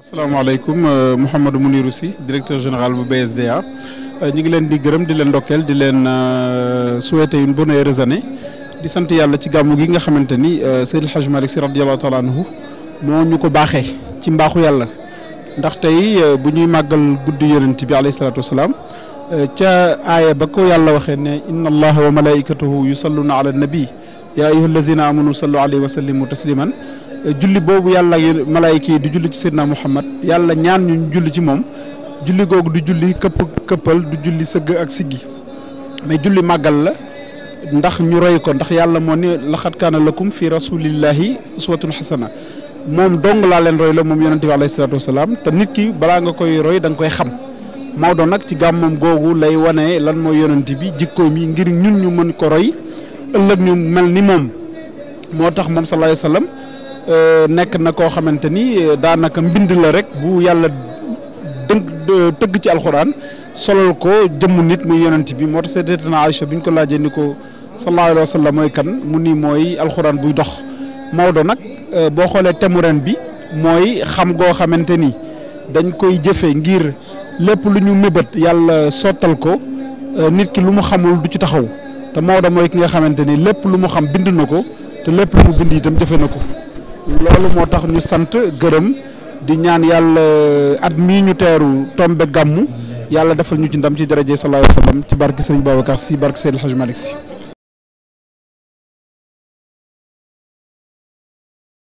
asalaamaaleykum euh, Mouhamadou Mounirou Sy directeur général bu BSDA euh, ñu ngi leen di gërëm di leen ndokkeel di leen euh, souhaiter une bonne heureuse année di sant yàlla ci gàmmu gi nga xamante ni Seydil Hadj Malick Sy radiyallahu taala anhu moo ñu ko baaxee ci mbaaxu yàlla ndax tey bu ñuy màggal guddi yonent bi alayhi salaatu wasalaam ca aaya ba ko yàlla waxe ne inna allaha wa malaikatahu yusalluna ala nabi ya ayyuha alladina amanu sallu alayhi wa sallimu tasliman julli boobu yàlla ak malaayika yi di julli ci Seydina Muhammad yàlla ñaan ñu julli ci moom julli googu du julli këpp këppal du julli sëgg ak siggi mais julli màggal la ndax ñu roy ko ndax yàlla moo ne laxat kaana lakum fi rasulillahi uswatun xasana moom dong laa leen roy la moom yonente bi alayhi salaatu wasalaam te nit ki balaa nga koy roy danga koy xam Maodo nag ci gàmmam googu lay wane lan mooy yonente bi jikkoom yi ngir ñun ñu mën ko roy ëllëg mel ni moom moo tax moom sallallahu alayhi wasallam Euh, nekk na koo xamante ni euh, daanaka mbind la rek bu yàlla dënk tëgg ci alxuraan solal ko jëmm nit muy yonent bi moo tax Sayyidatuna Aïcha bi ñu ko laajee ni ko sallallahu alayhi mooy kan mu ni mooy alxuraan buy dox Maodo nag euh, boo xoolee thème bi mooy xam goo xamante ni dañ koy jëfe ngir lépp lu ñu mébét yàlla sottal ko nit ki lu mu xamul du ci taxaw te Maodo mooy ki nga xamante ni lépp lu mu xam bind na ko te lépp lu mu bind itam jëfe na ko. loolu moo tax ñu sant gërëm di ñaan yàlla at mii ñu teeru tombe gàmmu yàlla defal ñu ci ndam ci daraje sallallahu alayhi ci barke sëriñ Babacar si barke seen Hadj Malick